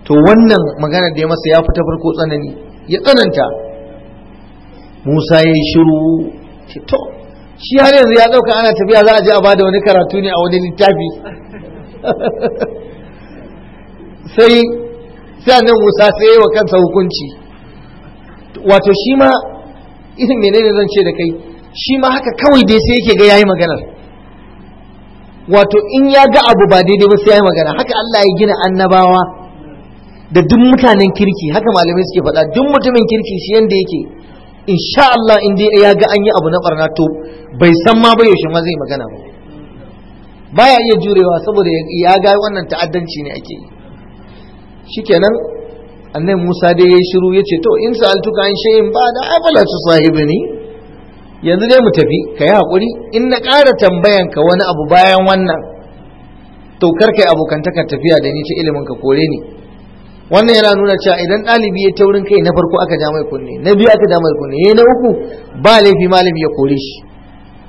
to wannan magana da ya masa ya fita farko tsanani ya tsananta Musa ya yi shiru to shi har yanzu ya ɗauka ana tafiya za a je a bada wani karatu ne a wani littafi sai sai wusa Musa sai yi wa kansa hukunci wato shi ma irin menene zan ce da kai shi ma haka kawai dai sai yake ga yayi maganar wato in ya ga abu ba daidai ba sai yayi magana haka Allah ya gina annabawa da duk mutanen kirki haka malamai suke faɗa duk mutumin kirki shi yanda yake insha Allah in dai ya ga an yi abu na barna to bai san ma ba yaushe ma zai magana ba baya iya jurewa saboda ya ga wannan ta'addanci ne ake yi shikenan annai Musa dai yayi shiru ya ce to in ka an shay'in ba da sahibi ne yanzu dai mu tafi ka yi hakuri in na ƙara tambayan ka wani abu bayan wannan to kar yi abokantaka tafiya da ni ta ilimin ka kore ni wannan yana nuna cewa idan ɗalibi ya taurin kai na farko aka ja mai kunne na biyu aka ja mai kunne ya na uku ba laifi malami ya kore shi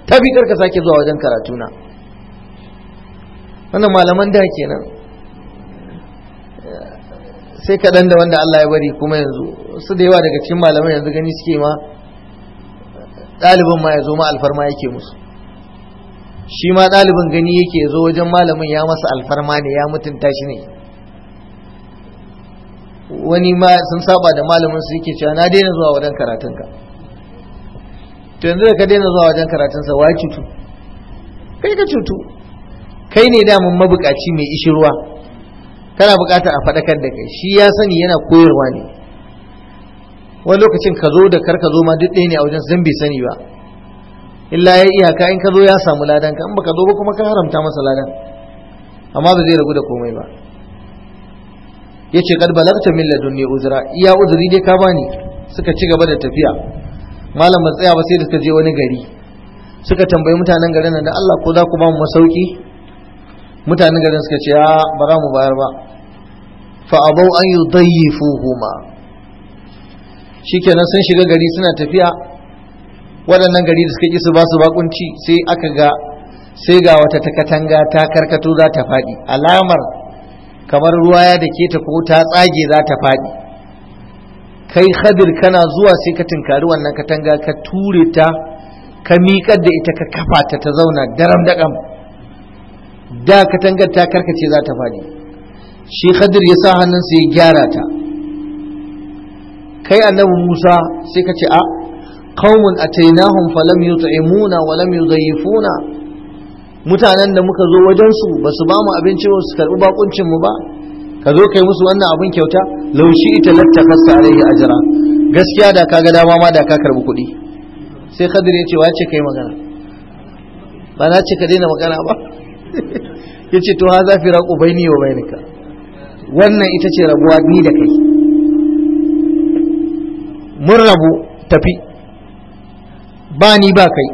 tafi karka sake zuwa wajen karatu na wannan malaman da kenan sai kaɗan da wanda Allah ya bari kuma yanzu su da yawa daga cikin malamai yanzu gani suke ma ɗalibin ma ya zo ma alfarma yake musu shi ma ɗalibin gani yake zo wajen malamin ya masa alfarma ne ya mutunta shi ne wani ma sun saba da malamin su yake cewa na daina zuwa wajen karatun ka, to yanzu da ka daina zuwa wajen karatun sa, wa cutu kai ka cutu kai ne damun mabukaci mai ishirwa kana buƙatar a faɗakar da kai shi ya sani yana koyarwa ne wani lokacin ka zo da kar zo ma duk ɗaya ne a wajen zan bai sani ba illa ya iyaka in ka zo ya samu ladan ka in baka zo ba kuma ka haramta masa ladan amma ba zai ragu da komai ba Ya yace kad balagta min ladunni uzra iya uzuri dai ka bani suka ci gaba da tafiya malam ba tsaya ba sai da suka je wani gari suka tambayi mutanen garin nan da Allah ko za ku ba mu masauki mutanen garin suka ce ba za mu bayar ba fa abau an yi shi shikenan sun shiga gari suna tafiya waɗannan gari da suka kisa su ba su bakunci sai aka ga sai ga wata ta katanga ta karkato za ta faɗi alamar kamar ruwa ya da ta ko ta tsage za ta faɗi kai khadir kana zuwa sai ka tunkari wannan katanga ka ture ta ka miƙar da ita ka kafa ta ta zauna daram daƙam da katangar ta karkace za ta faɗi shi khadir ya sa hannunsa ya gyara ta kai annabi musa sai ka ce a qaumun ataynahum falam yut'imuna wa lam yudayyifuna mutanen da muka zo wajen su ba su ba mu abinci ba su karbi bakuncin mu ba ka zo kai musu wannan abin kyauta laushi ita lattafasta alaihi ajra gaskiya da kaga dama ma da ka karbi kuɗi sai khadir ya ce wace kai magana ba na ce ka daina magana ba ya ce to ha za fi raƙo bai wa bai wannan ita ce rabuwa ni da kai mun rabu tafi ba ni ba kai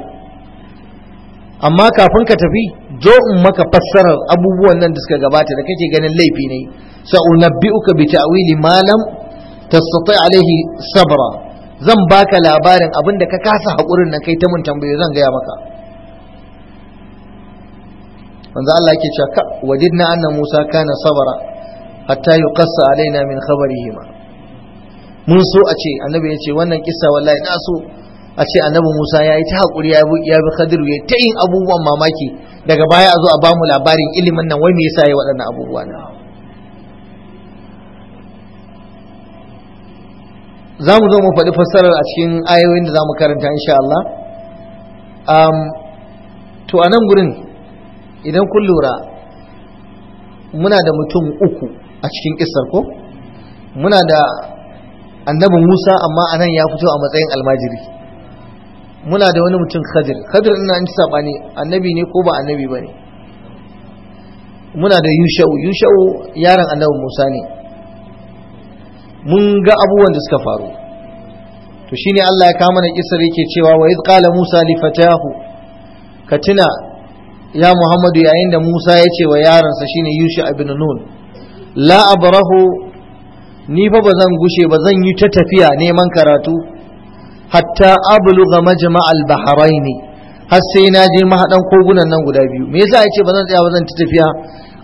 amma kafin ka tafi zo in maka fassarar abubuwan nan da suka gabata da kake ganin laifi ne sa'unabbi'uka bi ta'wili malam lam tastati alaihi sabra zan baka labarin abin da ka kasa haƙurin na kai ta mun tambaye zan gaya maka manzo Allah yake cewa ka wadidna anna Musa kana sabara hatta yuqassa alaina min khabarihima mun so a ce annabi ya ce wannan kissa wallahi na so a ce annabi Musa ya yi ta haƙuri ya bi Khadiru ya ta yin abubuwan mamaki daga baya a zo a bamu labarin ilimin nan wai me yasa ya waɗannan abubuwa na za mu zo mu faɗi fassarar a cikin ayoyin da za mu karanta insha Allah um, to a nan gurin idan kun lura muna da mutum uku a cikin kisar ko muna da annabi Musa amma anan ya fito a matsayin almajiri muna da wani mutum Khadir Khadir ina an ci sabani annabi ne ko ba annabi ba ne? muna da Yusha'u Yusha'u yaron annabi Musa ne mun ga abubuwan da suka faru to shine Allah ya kama na kisar yake cewa wa iz qala Musa li fatahu ka tuna ya muhammadu yayin da musa ya ce wa yaransa shine yushi ibn nun la abrahu ni fa bazan gushe ba zan yi ta tafiya neman karatu hatta abluga majma'al bahraini har sai na je mahadan kogunan nan guda biyu me yasa yace bazan tsaya bazan ta tafiya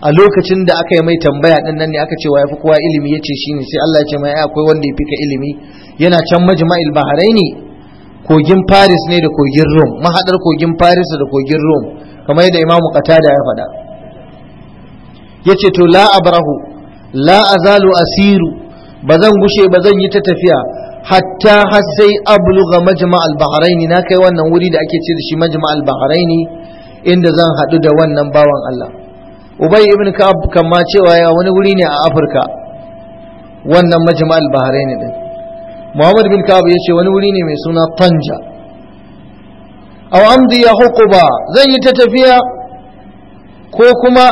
a lokacin da aka yi mai tambaya din nan ne aka ce wa yafi kowa ilimi yace shine sai Allah ya ce mai akwai wanda ya fika ilimi yana can majma'il bahraini kogin Paris ne da kogin Rome mahadar kogin Paris da kogin Rome kamar yadda imamu qatada ya faɗa yace to la abrahu la azalu asiru ba zan gushe ba zan yi ta tafiya hatta har sai abluga majma' al-bahraini na kai wannan wuri da ake ce da shi majma' al-bahraini inda zan haɗu da wannan bawan Allah ubay ibn ka'ab kamma cewa ya wani wuri ne a Afirka wannan majma' al-bahraini din Muhammad bin Ka'ab ya ce wani wuri ne mai suna Tanja aw amdiya huquba zan yi ta tafiya ko kuma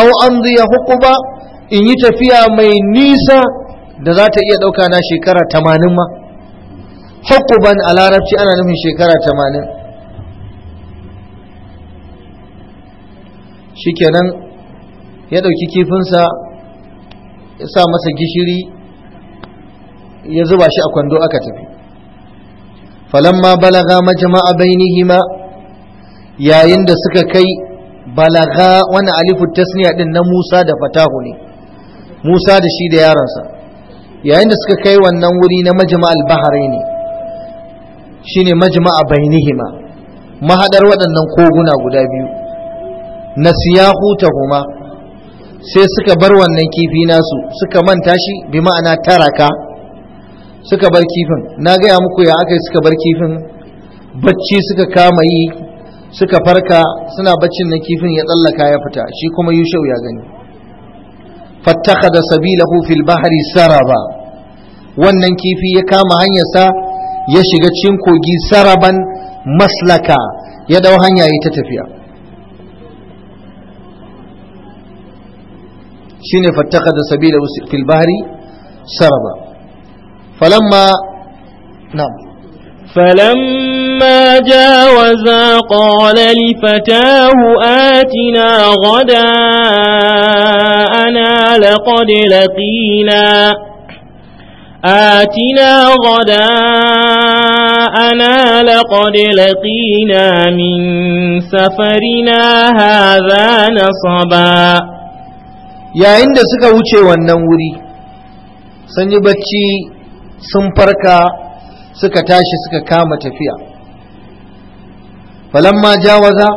aw amdiya huquba in yi tafiya mai nisa da za ta iya ɗauka na shekara tamanin ma hukuban a larabci ana nufin shekara tamanin shikenan ya ɗauki kifinsa ya sa masa gishiri ya zuba shi a kwando aka tafi falamma balaga majma'a bainihima yayin da suka kai balaga wani alifu tasniya din na Musa da Fatahu ne Musa da shi da yaransa yayin da suka kai wannan wuri na majma'al bahraini shine majma'a bainihima mahadar waɗannan koguna guda biyu na kuma sai suka bar wannan kifi nasu suka manta shi bi ma'ana taraka suka bar kifin na gaya muku ya aka suka bar kifin bacci suka kama yi suka farka suna baccin na kifin ya tsallaka ya fita shi kuma yushau ya gani Fattaka da sabilahu fil bahri saraba wannan kifi ya kama hanyarsa ya shiga cikin kogi saraban maslaka ya dau hanya ya ta tafiya shine da Sabila fil bahri saraba falamma na'am فلما جاوزا قال لفتاه آتنا غداءنا لقد لقينا آتنا غداءنا لقد لقينا من سفرنا هذا نصبا يا عند سكا وچه ونوري سنجبتشي sun farka suka tashi suka kama tafiya falamma jawaza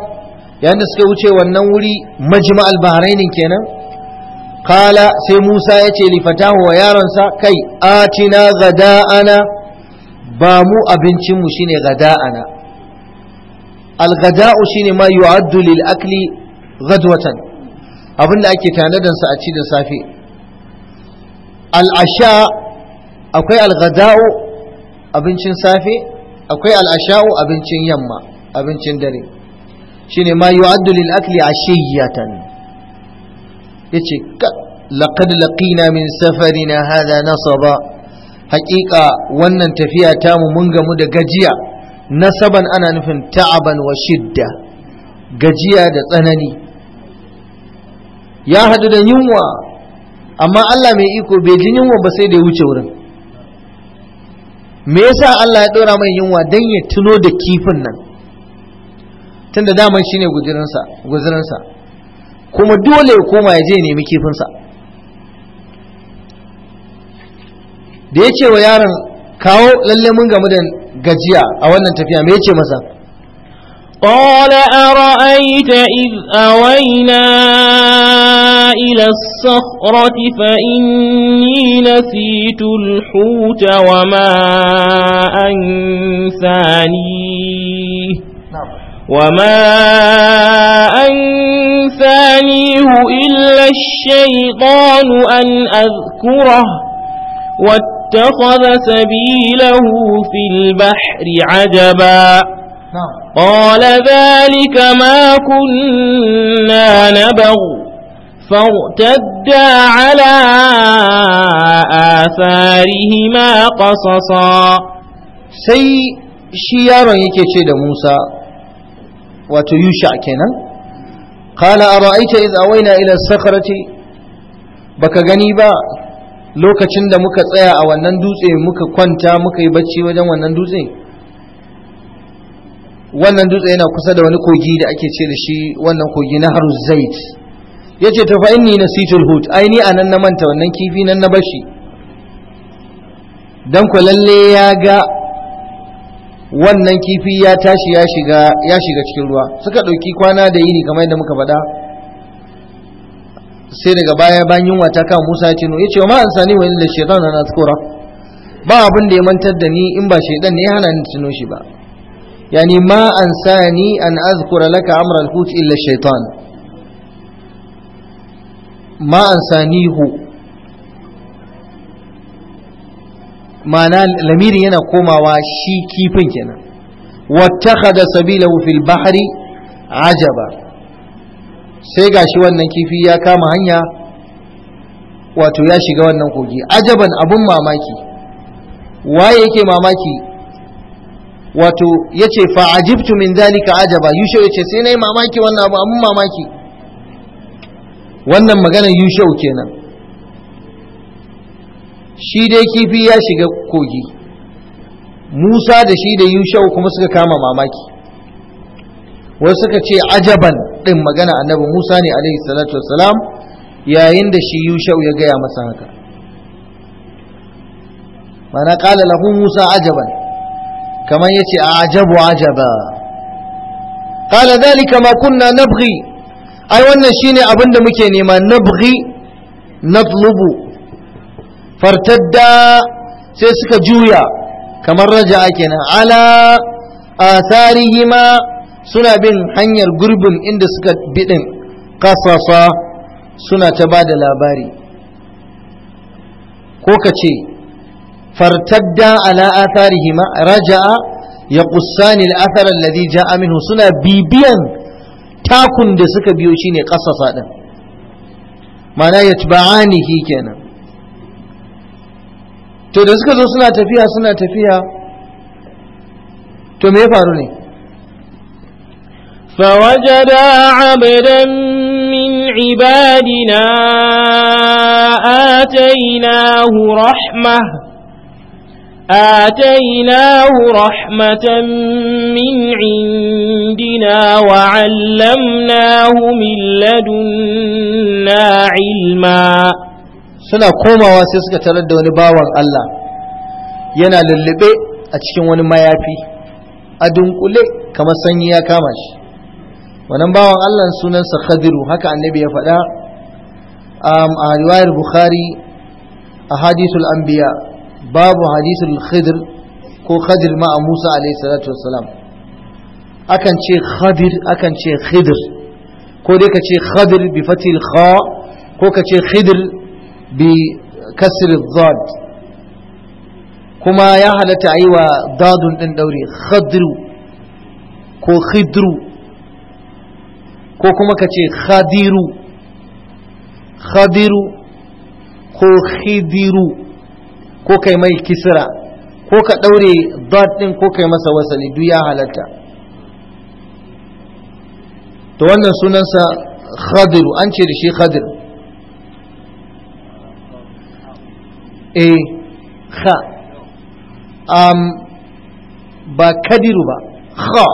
yayin da suka wuce wannan wuri majma'al bahrainin kenan kala sai musa ya ce lifatahu wa yaronsa kai atina gada'ana ba mu abincinmu shine gada'ana al-gada'u shine ma yu'addu lil akli gadwatan abinda ake tanadansa a ci da safe al-asha akwai alghada'u abincin safe akwai al'asha'u abincin yamma abincin dare shine ma yu'addu lil akli ashiyatan yace laqad laqina min safarina hadha nasaba haqiqa wannan tafiya ta mun gamu da gajiya nasaban ana nufin ta'aban wa shidda gajiya da tsanani ya hadu da yunwa amma Allah mai iko bai ji yunwa ba sai da ya wuce wurin me yasa Allah ya ɗora mai yunwa dan ya tuno da kifin nan tunda daman shine ne guzurinsa kuma dole ya koma ya je nemi kifinsa da ya ce wa yaron kawo lalle mun gamu da gajiya a wannan tafiya me ya ce masa قال أرأيت إذ أوينا إلى الصخرة فإني نسيت الحوت وما أنسانيه نعم. وما أنسانيه إلا الشيطان أن أذكره واتخذ سبيله في البحر عجباً قال ذلك ما كنا نبغ فارتدا على آثارهما قصصا سي شيارا يكيشي موسى وتيوشع كنا قال أرأيت إذ أوينا إلى الصخرة بك غنيبا lokacin da muka tsaya a wannan dutse muka kwanta muka yi bacci wajen wannan dutse wannan dutse yana kusa da wani kogi da ake ce da shi wannan kogi na haru zait ya ce tafa ni na situl hut aini a nan na manta wannan kifi nan na bashi don ku lalle ya ga wannan kifi ya tashi ya shiga cikin ruwa suka ɗauki kwana da yini kamar yadda muka faɗa sai daga baya bayan yunwa ta kama musa cino. ya ce "Wa ma'an sani wani da shekaru na ba abin da ya mantar da ni in ba shaitan ne ya hana ni cino shi ba يعني ما أنساني أن أذكر لك عمر الحوت إلا الشيطان ما أنسانيه ma'ana lamirin yana komawa shi kifin kenan wattakhadha sabilahu fil bahri ajaba sai gashi wannan kifi ya kama hanya wato ya shiga wannan kogi ajaban abun mamaki waye yake mamaki wato yace fa ajibtu min zalika ajaba yusha yace sai nayi mamaki wannan abu amma mamaki wannan maganar yusho kenan shi dai kifi ya shiga kogi Musa da shi da yusho kuma suka kama mamaki wasu suka ce ajaban din magana annabi Musa ne alaihi salatu wassalam yayin da shi yusho ya gaya masa haka mana kala lahu Musa ajaban kamar yace ajabu ajaba qala zalika ma kunna nabghi ai wannan shine abin da muke nema nabghi natlubu fartadda sai suka juya kamar ake nan. ala atharihima suna bin hanyar gurbin inda suka biɗin. kasasa suna ta ba da labari ko ka ce fartadda ala atharihima raja'a ya qussani al-athar alladhi ja'a minhu suna bibiyan takun da suka biyo shine qasasa din ma'ana yatba'anihi kenan to da suka zo suna tafiya suna tafiya to me ya faru ne فوجدا عبدا من عبادنا آتيناه رحمه آتيناه رحمة من عندنا وعلمناه من لدنا علما suna komawa sai suka tarar da wani bawan Allah yana lullube a cikin wani mayafi a dunkule kamar sanyi ya kama shi wannan bawan Allah sunansa khadiru haka annabi ya faɗa a riwayar bukhari a hadithul anbiya babu hadisul khidr ko khadir ma a musa alaihi salatu wassalam akan ce khadir akan ce khidr ko dai ka ce khadir bi fatil kha ko ka ce khidr bi kasr dhad kuma ya halatta a yi wa dadun din daure khadru ko khidru ko kuma ka ce khadiru khadiru ko khidiru ko kai mai kisra ko ka ɗaure dot ɗin ko kai masa wasali duk ya halatta to wannan sunansa khadiru an ce da shi khadir e eh, kha um, ba kadiru ba kha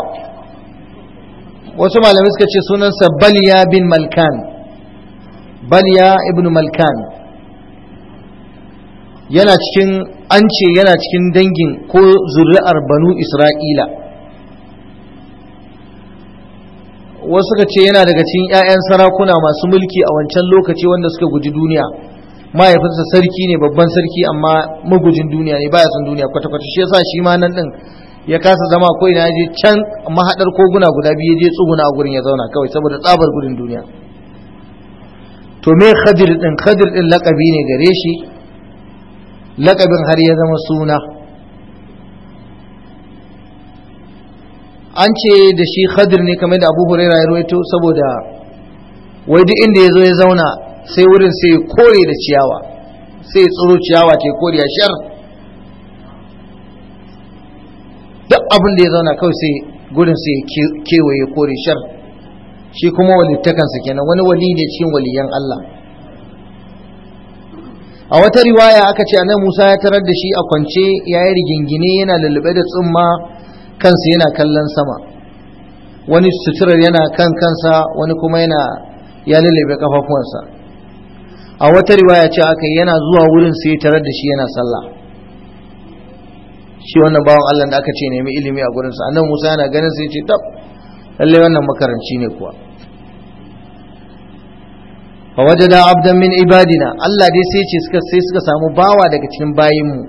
wasu malamai suka ce sunansa balya bin malkan balya ibn malkan yana cikin an ce yana cikin dangin ko zuri'ar banu isra'ila wasu suka ce yana daga cikin 'ya'yan sarakuna masu mulki a wancan lokaci wanda suka guji duniya mahaifinsa sarki ne babban sarki amma magujin duniya ne baya son duniya kwata-kwata shi yasa shi ma nan din ya kasa zama ko ina je can mahadar koguna guda biyu je tsuguna a gurin ya zauna kawai saboda tsabar gudun duniya to me khadir din khadir din lakabi ne gare shi laƙabin har ya zama suna an ce da shi khadir ne kamar da abu huraira ya ruwaito saboda wai duk inda ya zo ya zauna sai wurin sai kore da ciyawa sai tsoro ciyawa ke kore a shar duk abin da ya zauna kawai sai gurin sai kewaye kore shar shi kuma walittakansa kenan wani wali ne cikin waliyan Allah a wata riwaya aka ce annabi Musa ya tarar da shi a kwance ya yi rigingine yana lalube da tsumma kansa yana kallon sama wani suturar yana kan kansa wani kuma yana ya lalube kafafuwansa a wata riwaya ce aka yana zuwa wurin sai ya tarar da shi yana sallah shi wannan bawan Allah da aka ce nemi ilimi a gurinsa annabi Musa yana ganin sai ya ce tab lallai wannan makaranci ne kuwa fa wajada abdan min ibadina Allah dai sai ce suka sai suka samu bawa daga cikin bayinmu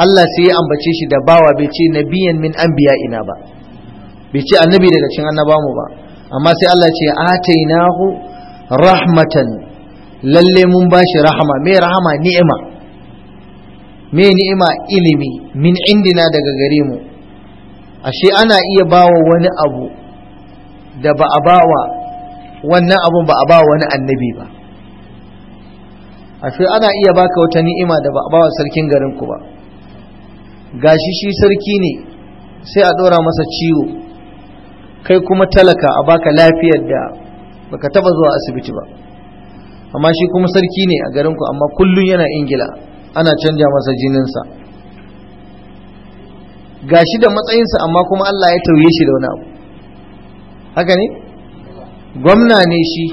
Allah sai ya ambace shi da bawa bai ce nabiyan min ina ba bai ce annabi daga cikin mu ba amma sai Allah ce atainahu rahmatan lalle mun bashi rahama me rahama ni'ima me ni'ima ilimi min indina daga gare mu ashe ana iya bawa wani abu da ba a bawa wannan abun ba a ba wani annabi ba ashe ana iya baka wata ni'ima da ba a ba wa sarkin garin ku ba gashi shi sarki ne sai a dora masa ciwo kai kuma talaka a baka lafiyar da baka taba zuwa asibiti ba amma shi kuma sarki ne a garin ku amma kullun yana ingila ana canja masa jininsa gashi da matsayinsa amma kuma Allah ya tauye shi da wani abu haka ne gwamna ne shi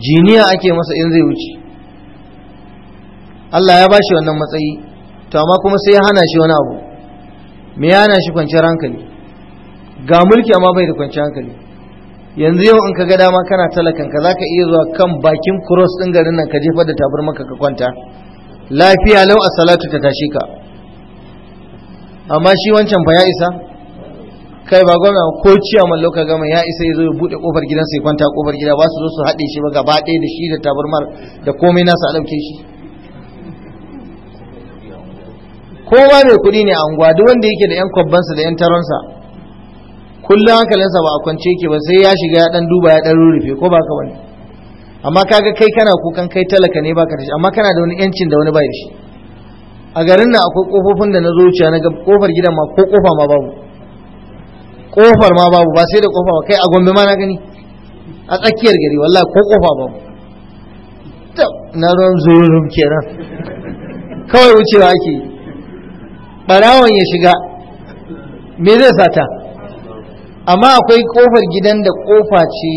jiniya ake masa in zai wuce Allah ya ba shi wannan matsayi to amma kuma sai ya hana shi wani abu me ya hana shi kwanciyar hankali ga mulki amma bai da kwanciyar hankali yanzu yau in ka ga dama kana talakan ka zaka iya zuwa kan bakin cross din garin nan ka jefar da tabar maka ka kwanta lafiya lau a salatu ta tashi ka amma shi wancan fa ya isa kai ba gwamna ko ciyaman ka gama ya isa ya zo ya buɗe ƙofar gidansa ya kwanta ƙofar gida ba su zo su haɗe shi ba gaba ɗaya da shi da tabarmar da komai nasu a ɗauke shi kowa mai kuɗi ne a unguwa duk wanda yake da 'yan kwabbansa da 'yan taronsa kullum hankalinsa ba a kwance yake ba sai ya shiga ya ɗan duba ya ɗan rurrufe ko ba ka wani amma kaga kai kana kukan kai talaka ne baka da shi amma kana da wani 'yancin da wani bai da shi a garin nan akwai kofofin da na zo wuciya na ga kofar gidan ma ko kofa ma babu kofar ma babu ba sai da kofa ba kai a gombe ma na gani a tsakiyar gari wallahi ko kofa babu na ruwan zururum kenan kawai wucewa ake yi barawon ya shiga me zai sata amma akwai kofar gidan da kofa ce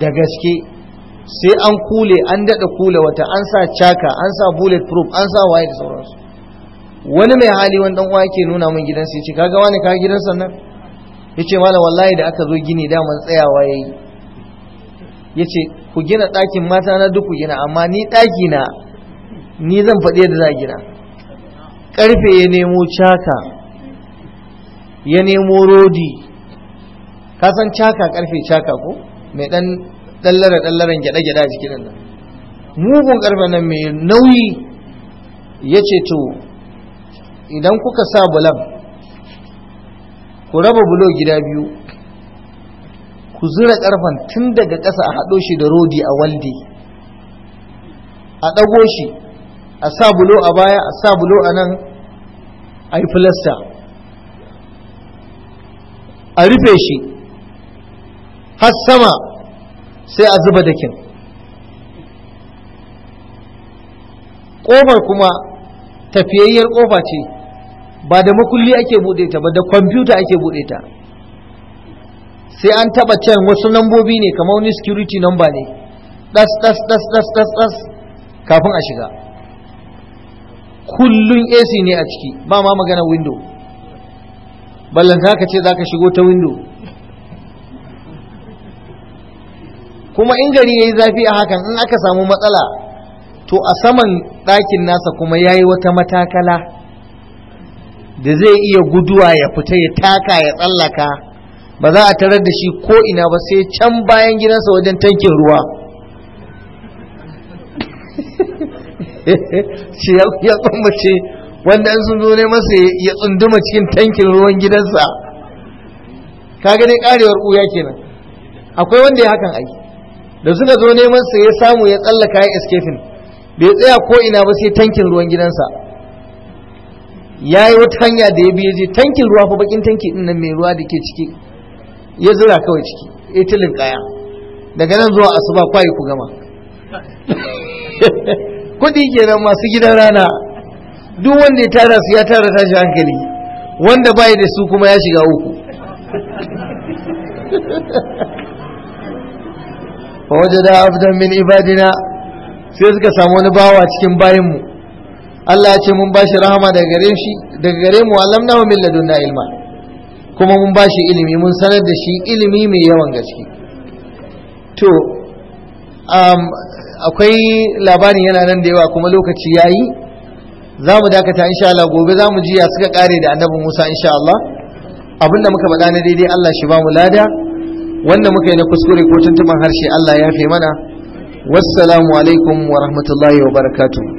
da gaske sai an kule an daɗa kule wata an sa chaka an sa bullet proof an sa waye da sauransu wani mai hali wani dan uwa yake nuna min gidansa ya ce kaga wani ka gidansa nan ya ce malam wallahi da aka zo gini daman tsayawa ya yi ya ce ku gina ɗakin mata na duk ku gina amma ni ɗaki na ni zan faɗi yadda za gina ƙarfe ya nemo caka ya nemo rodi ka san caka ƙarfe caka ko mai ɗan ɗallara ɗallaren gyaɗe-gyaɗe a jikin nan mugun ƙarfe nan mai nauyi ya ce to idan kuka sa bulam ku raba bulo gida biyu ku zura karfan tun daga ƙasa a haɗo shi da rodi a walde a ɗago shi a sa bulo a baya a sa bulo a nan a yi filasta a rufe shi har sama sai a zuba dakin ƙofar kuma tafiyayyar ƙofa ce ba da makulli ake buɗe ta ba da kwamfuta ake buɗe ta sai an taɓa can wasu lambobi ne kamar wani security number ne ɗas ɗas ɗas ɗas ɗas ɗas kafin a shiga kullun AC ne a ciki ba ma magana window za ka ce za ka shigo ta window kuma in gari ya yi zafi a hakan in aka samu matsala to a saman ɗakin nasa kuma ya yi wata matakala da zai iya guduwa ya fita ya taka ya tsallaka ba za a tarar da shi ko ina ba sai can bayan gidansa wajen tankin ruwa shi ya tsammace wanda an sun zo ne masa ya tsunduma cikin tankin ruwan gidansa ka gani karewar ɓuya kenan akwai wanda ya hakan ai da suka zo neman sa ya samu ya tsallaka ya escaping bai tsaya ko ina ba sai tankin ruwan gidansa ya yi wata hanya da ya biya je tankin ruwa fa bakin tanki din nan mai ruwa da ke ciki ya zura kawai ciki ya tilin kaya daga nan zuwa asuba kwayi ku gama kuɗi kenan masu gidan rana duk wanda ya tara su ya tara tashi hankali wanda bai da su kuma ya shiga uku wajada afdan min ibadina sai suka samu wani bawa cikin bayanmu Allah ya ce mun ba shi rahama daga gare shi daga gare mu alamnahu min ladunna ilma kuma mun ba shi ilimi mun sanar da shi ilimi mai yawan gaske to um, akwai labarin yana nan da yawa kuma lokaci yayi za mu dakata insha Allah gobe za mu jiya suka kare da annabi Musa insha Allah abinda muka faɗa na daidai Allah shi ba mu lada wanda muka yi na kuskure ko tuntuban harshe Allah ya fi mana wassalamu alaikum wa rahmatullahi wa barakatuh